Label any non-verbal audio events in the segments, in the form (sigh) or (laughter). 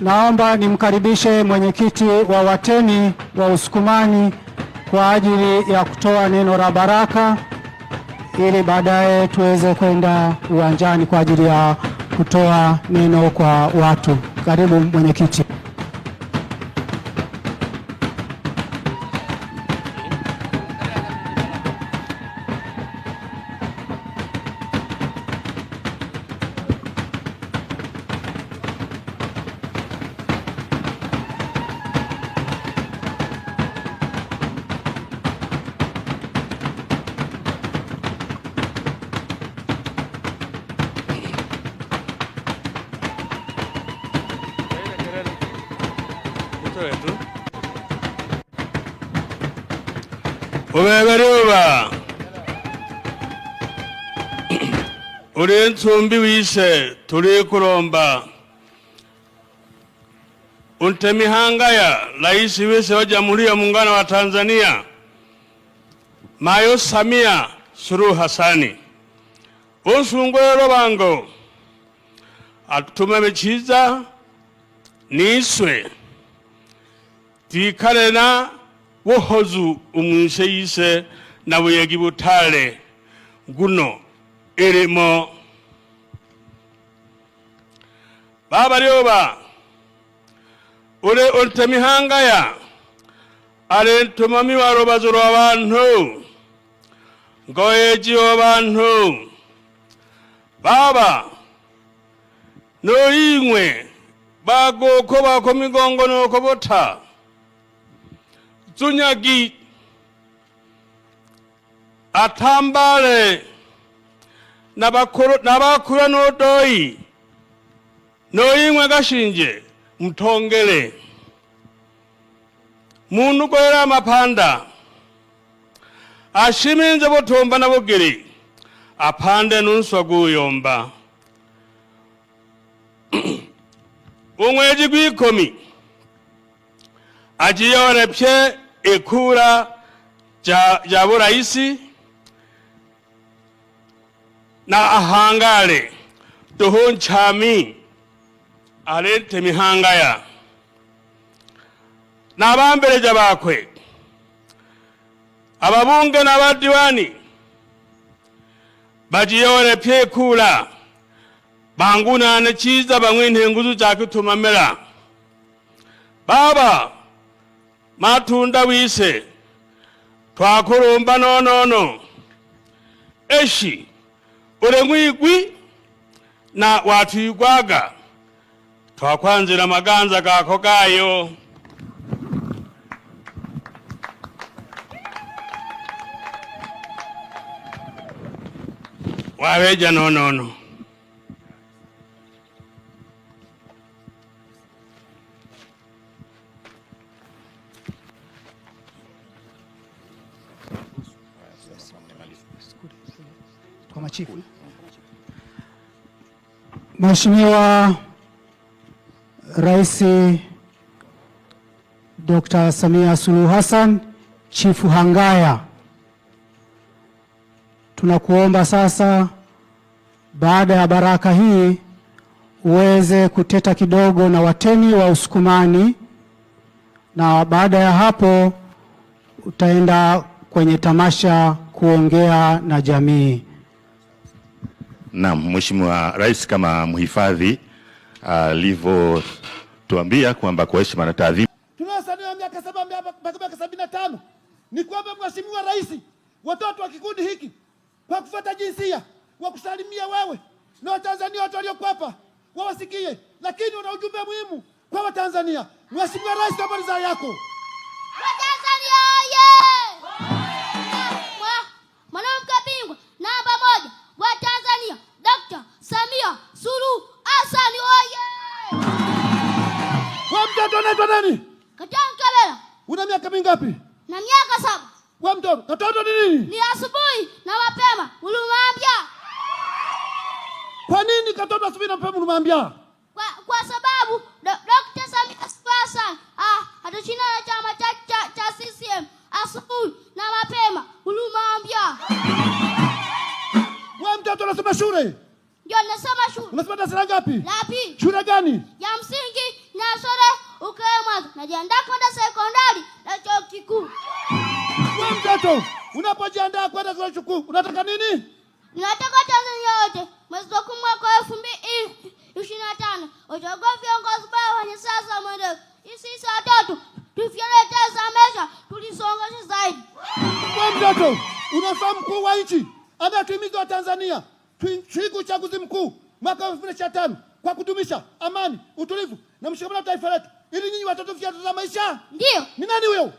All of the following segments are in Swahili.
Naomba nimkaribishe mwenyekiti wa wateni wa Usukumani kwa ajili ya kutoa neno la baraka ili baadaye tuweze kwenda uwanjani kwa ajili ya kutoa neno kwa watu. Karibu mwenyekiti. ubeberiuba uri nsumbi wishe turikuromba untemihangaya laisi wese wa jamhuri ya muungano wa tanzania mayo samia suluhu hasani unsungulelo bango atume mechiza niswe na wohozu umwise ise na buyegi butale guno elimo baba lyoba ule ya ale ntumami warobazu lwa bantu ngoyeji baba bantu ying'we noying'we bagoko bako migongo no kobota Tsunyagi atambale n'abakura n'odoyi noyimwe gashinje mutongele mundu goyera mapanda ashiminze butumba na bugiri apande nunswa guyomba (clears throat) umweji gwikomi ajiyore pye ikura ja urahisi na ahangale tuhunchami alete emihanga ya na n'abambeleja bakwe ababunge pye bajiyoole banguna bangunane chiza bang'winthe nguzu chakithumamela baba matunda wise twakulumba nonono eshi mwigwi na watwigwaga twakwanzira maganza gako gayo waweja nonono machifu. Mheshimiwa Rais Dr. Samia Suluhu Hassan, Chifu Hangaya, tunakuomba sasa baada ya baraka hii uweze kuteta kidogo na wateni wa Usukumani, na baada ya hapo utaenda kwenye tamasha kuongea na jamii. Naam, Mheshimiwa Rais kama mhifadhi alivyotuambia ah, kwamba kwa heshima na taadhima tunawasaniwa miaka sabini na tano ni kwamba Mheshimiwa Rais, watoto wa kikundi hiki kwa kufuata jinsia wakusalimia wewe na Watanzania wote waliokwapa wawasikie, lakini una ujumbe muhimu kwa Watanzania. Mheshimiwa Rais, habari za yako Watanzania? Samia Suluhu Hassan oye! Wewe mtoto unaitwa nani? Katankalela. Una miaka mingapi? Na miaka saba. Wewe mtoto, katoto ni nini? Ni asubuhi na mapema ulimwambia. Kwa nini katoto asubuhi na mapema ulimwambia? Kwa, kwa sababu Dr. Samia Suluhu Hassan ah, atashindana na chama cha, cha, cha CCM asubuhi na mapema ulimwambia. Wewe mtoto unasoma shule? ndio nasema shule. Unasema darasa la ngapi? La pili. Shule gani? Ya msingi Nyasore ukae mwanzo. Najiandaa kwenda sekondari na chuo kikuu. Wewe mtoto, unapojiandaa kwenda chuo kikuu unataka nini? Ninataka Tanzania yote mwezi wa kumi mwaka elfu mbili ishirini na tano uchague viongozi bora wenye siasa mwendevu. Sisi watoto tuvyelekeza mesha tulisongeshe zaidi. Wewe mtoto, unafaa mkuu wa nchi anatuhimiza Tanzania kiigu uchaguzi mkuu mwaka elfu mbili ishirini na tano kwa kudumisha amani, utulivu na mshikamano wa taifa letu, ili nyinyi watoto viatu za maisha. Ndio ni nani huyo?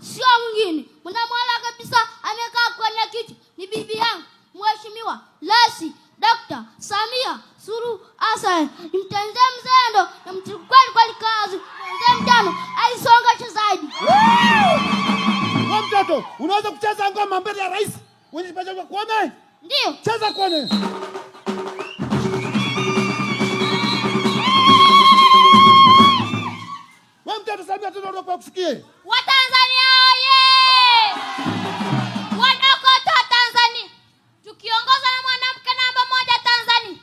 Sio mwingine, mnamwona kabisa, amekaa kwenye kiti, ni bibi yangu Mheshimiwa Rais Dr. Samia Suluhu Hassan. Mtende mzendo na mtukweli kweli kazi mzee mtano aisonga zaidi. Mtoto unaweza kucheza ngoma mbele ya rais wenye kipaji kwa kuona ndio. Cheza kuone. Wewe mtoto Samia kusikie. oye! Tanzania. na mwanamke namba moja Tanzania.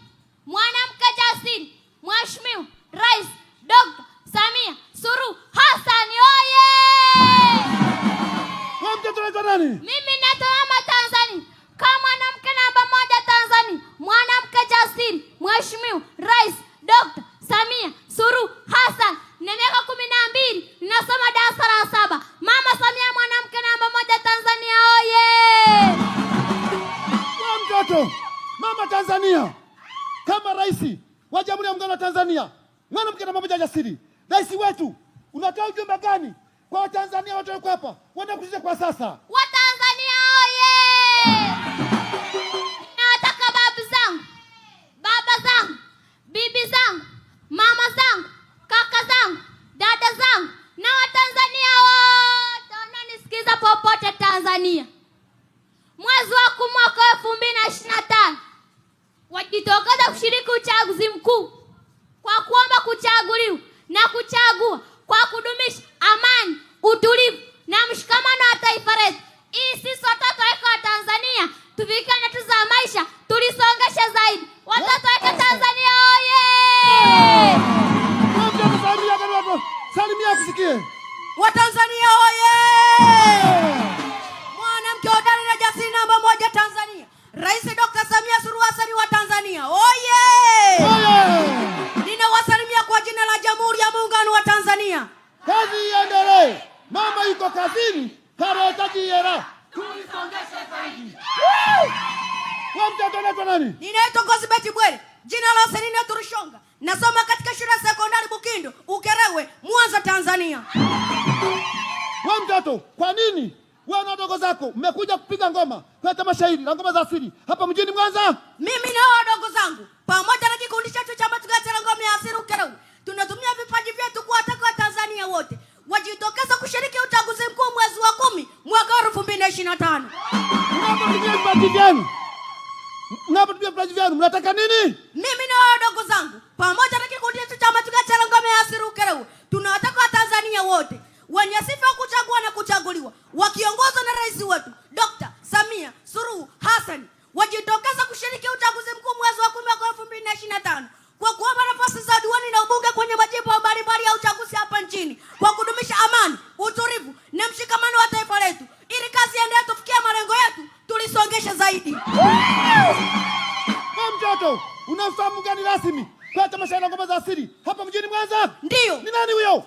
Mwanamke jasiri, Mheshimiwa Rais Dr. Samia Suluhu Hassan oye! Wewe mtoto nani? Mimi natoa ujasiri. Rais wetu, unatoa ujumbe gani kwa Watanzania watakuwepo hapa kushiriki kwa sasa? Watanzania oye! utulivu na mshikamano wa taifa letu, ili sisi watoto wake wa Tanzania tufike ndoto za maisha, tulisongeshe zaidi watoto wetu Tanzania. Oye! Salimia tusikie. Watanzania oye! Mwanamke hodari na jasiri namba moja Tanzania, Rais Dr. Samia Suluhu Hassan wa Tanzania oye! Ninawasalimia kwa jina la Jamhuri ya Muungano wa Tanzania. Kazi iendelee mama yuko kazini, kareta era tuisongeshe zaidi. Mtoto anaitwa nani? Ninaitwa Ngozibeti Bwere, jina la usanii Turushonga, nasoma katika shule ya sekondari Bukindo Ukerewe, Mwanza, Tanzania. We mtoto, kwa nini wewe na wadogo zako mmekuja kupiga ngoma kwa mashairi na ngoma za asili hapa mjini Mwanza? Mimi na wadogo zangu pamoja na kikundi chetu cha Matugatela ngoma ya ishirini vyenu mnataka nini? Mimi na wadogo zangu pamoja na kikundi chetu cha Matuga cha Ngome ya tunawataka Watanzania wote wenye sifa kuchagua na kuchaguliwa wakiongozwa na rais wetu Dr. Samia Suluhu Hassan wajitokeza kushiriki uchaguzi mkuu mwezi wa kumi mwaka elfu kwa kuomba nafasi za udiwani na ubunge kwenye majimbo mbalimbali ya uchaguzi hapa nchini kwa kudumisha amani zaidi. Mtoto, unamfahamu gani rasmi kwa tamasha la ngoma za asili hapa mjini Mwanza? Ndio. Ni nani huyo?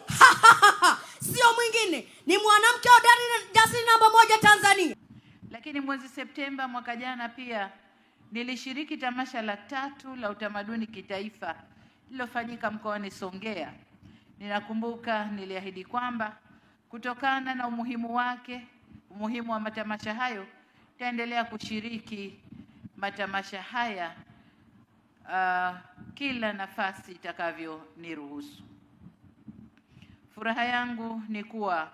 (laughs) Sio mwingine, ni mwanamke hodari jasiri namba moja Tanzania. Lakini mwezi Septemba mwaka jana pia nilishiriki tamasha la tatu la utamaduni kitaifa lililofanyika mkoani Songea. Ninakumbuka niliahidi kwamba kutokana na umuhimu wake, umuhimu wa matamasha hayo Nitaendelea kushiriki matamasha haya uh, kila nafasi itakavyoniruhusu. Furaha yangu ni kuwa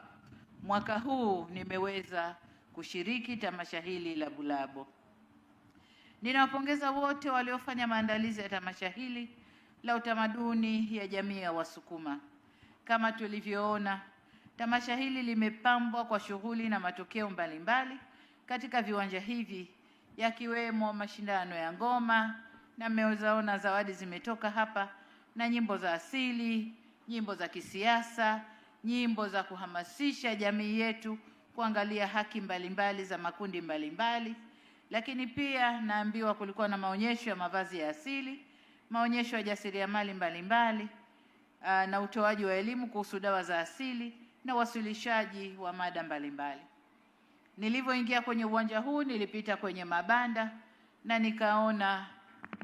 mwaka huu nimeweza kushiriki tamasha hili la Bulabo. Ninawapongeza wote waliofanya maandalizi ya tamasha hili la utamaduni ya jamii ya Wasukuma. Kama tulivyoona, tamasha hili limepambwa kwa shughuli na matokeo mbalimbali mbali, katika viwanja hivi yakiwemo mashindano ya ngoma, na mmewezaona zawadi zimetoka hapa, na nyimbo za asili, nyimbo za kisiasa, nyimbo za kuhamasisha jamii yetu kuangalia haki mbalimbali mbali za makundi mbalimbali mbali. Lakini pia naambiwa kulikuwa na maonyesho ya mavazi ya asili, maonyesho ya jasiriamali mbalimbali ah, na utoaji wa elimu kuhusu dawa za asili na uwasilishaji wa mada mbalimbali mbali. Nilivyoingia kwenye uwanja huu nilipita kwenye mabanda na nikaona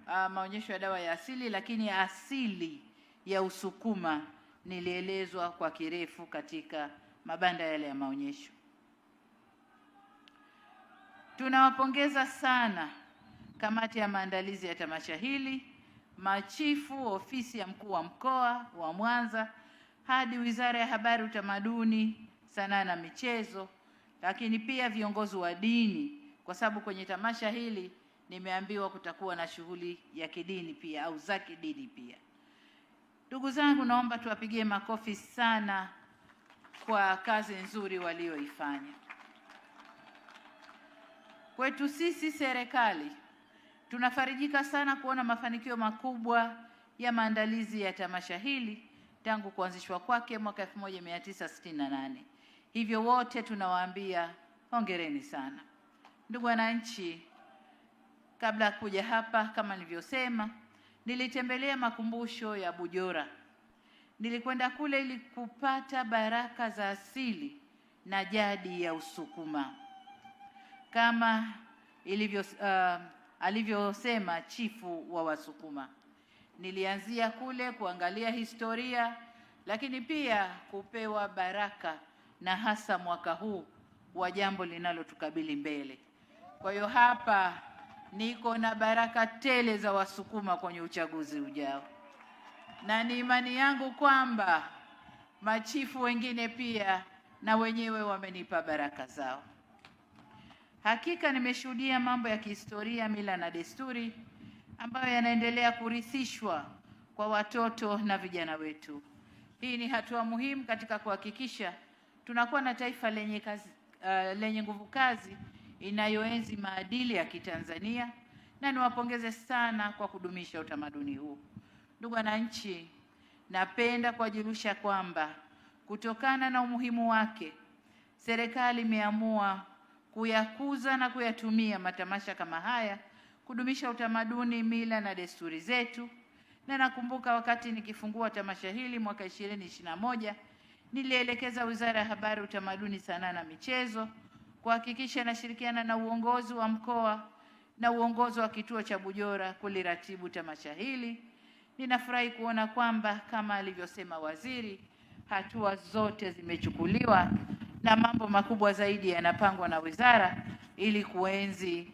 uh, maonyesho ya dawa ya asili, lakini asili ya Usukuma nilielezwa kwa kirefu katika mabanda yale ya maonyesho. Tunawapongeza sana kamati ya maandalizi ya tamasha hili, machifu, ofisi ya mkuu wa mkoa wa Mwanza, hadi Wizara ya Habari, Utamaduni, Sanaa na Michezo lakini pia viongozi wa dini, kwa sababu kwenye tamasha hili nimeambiwa kutakuwa na shughuli ya kidini pia au za kidini pia. Ndugu zangu, naomba tuwapigie makofi sana kwa kazi nzuri walioifanya. Kwetu sisi serikali tunafarijika sana kuona mafanikio makubwa ya maandalizi ya tamasha hili tangu kuanzishwa kwake mwaka 1968. Hivyo wote tunawaambia hongereni sana. Ndugu wananchi, kabla ya kuja hapa, kama nilivyosema, nilitembelea makumbusho ya Bujora. Nilikwenda kule ili kupata baraka za asili na jadi ya Usukuma kama ilivyo uh, alivyosema chifu wa Wasukuma. Nilianzia kule kuangalia historia, lakini pia kupewa baraka na hasa mwaka huu wa jambo linalotukabili mbele. Kwa hiyo hapa niko na baraka tele za Wasukuma kwenye uchaguzi ujao, na ni imani yangu kwamba machifu wengine pia na wenyewe wamenipa baraka zao. Hakika nimeshuhudia mambo ya kihistoria, mila na desturi ambayo yanaendelea kurithishwa kwa watoto na vijana wetu. Hii ni hatua muhimu katika kuhakikisha tunakuwa na taifa lenye kazi, uh, lenye nguvu kazi inayoenzi maadili ya Kitanzania na niwapongeze sana kwa kudumisha utamaduni huu. Ndugu wananchi, napenda kuwajulisha kwamba kutokana na umuhimu wake, serikali imeamua kuyakuza na kuyatumia matamasha kama haya kudumisha utamaduni, mila na desturi zetu, na nakumbuka wakati nikifungua tamasha hili mwaka 2021 nilielekeza Wizara ya Habari, Utamaduni, Sanaa na Michezo kuhakikisha inashirikiana na uongozi wa mkoa na uongozi wa kituo cha Bujora kuliratibu tamasha hili. Ninafurahi kuona kwamba kama alivyosema waziri, hatua zote zimechukuliwa na mambo makubwa zaidi yanapangwa na wizara ili kuenzi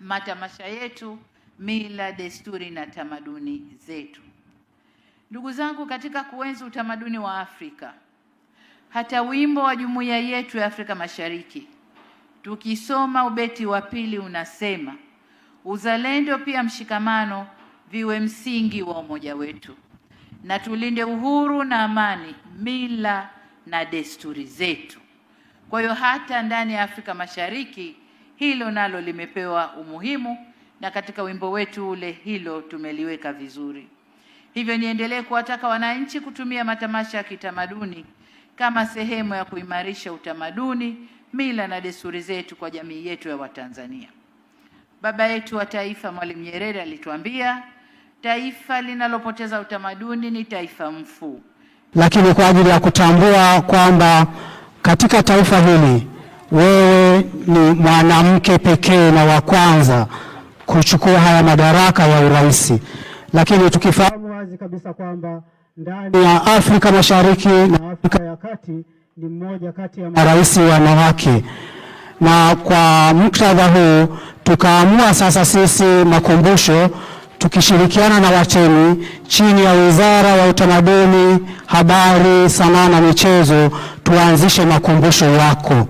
matamasha yetu, mila, desturi na tamaduni zetu. Ndugu zangu, katika kuenzi utamaduni wa Afrika hata wimbo wa jumuiya yetu ya Afrika Mashariki tukisoma ubeti wa pili unasema, uzalendo pia mshikamano viwe msingi wa umoja wetu, na tulinde uhuru na amani, mila na desturi zetu. Kwa hiyo hata ndani ya Afrika Mashariki hilo nalo limepewa umuhimu, na katika wimbo wetu ule hilo tumeliweka vizuri. Hivyo niendelee kuwataka wananchi kutumia matamasha ya kitamaduni kama sehemu ya kuimarisha utamaduni, mila na desturi zetu kwa jamii yetu ya Watanzania. Baba yetu wa taifa Mwalimu Nyerere alituambia, taifa linalopoteza utamaduni ni taifa mfu. Lakini kwa ajili ya kutambua kwamba katika taifa hili wewe ni mwanamke pekee na wa kwanza kuchukua haya madaraka ya urais, lakini tukifahamu wazi kabisa kwamba ndani ya Afrika Mashariki na kati ni mmoja kati ya marais wanawake, na kwa muktadha huu tukaamua sasa sisi makumbusho tukishirikiana na Watemi chini ya Wizara ya Utamaduni, Habari, Sanaa na Michezo tuanzishe makumbusho yako.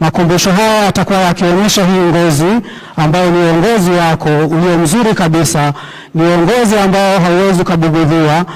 Makumbusho haya yatakuwa yakionyesha hii ngozi ambayo ni uongozi wako ulio mzuri kabisa, ni uongozi ambao hauwezi ukabugudhiwa.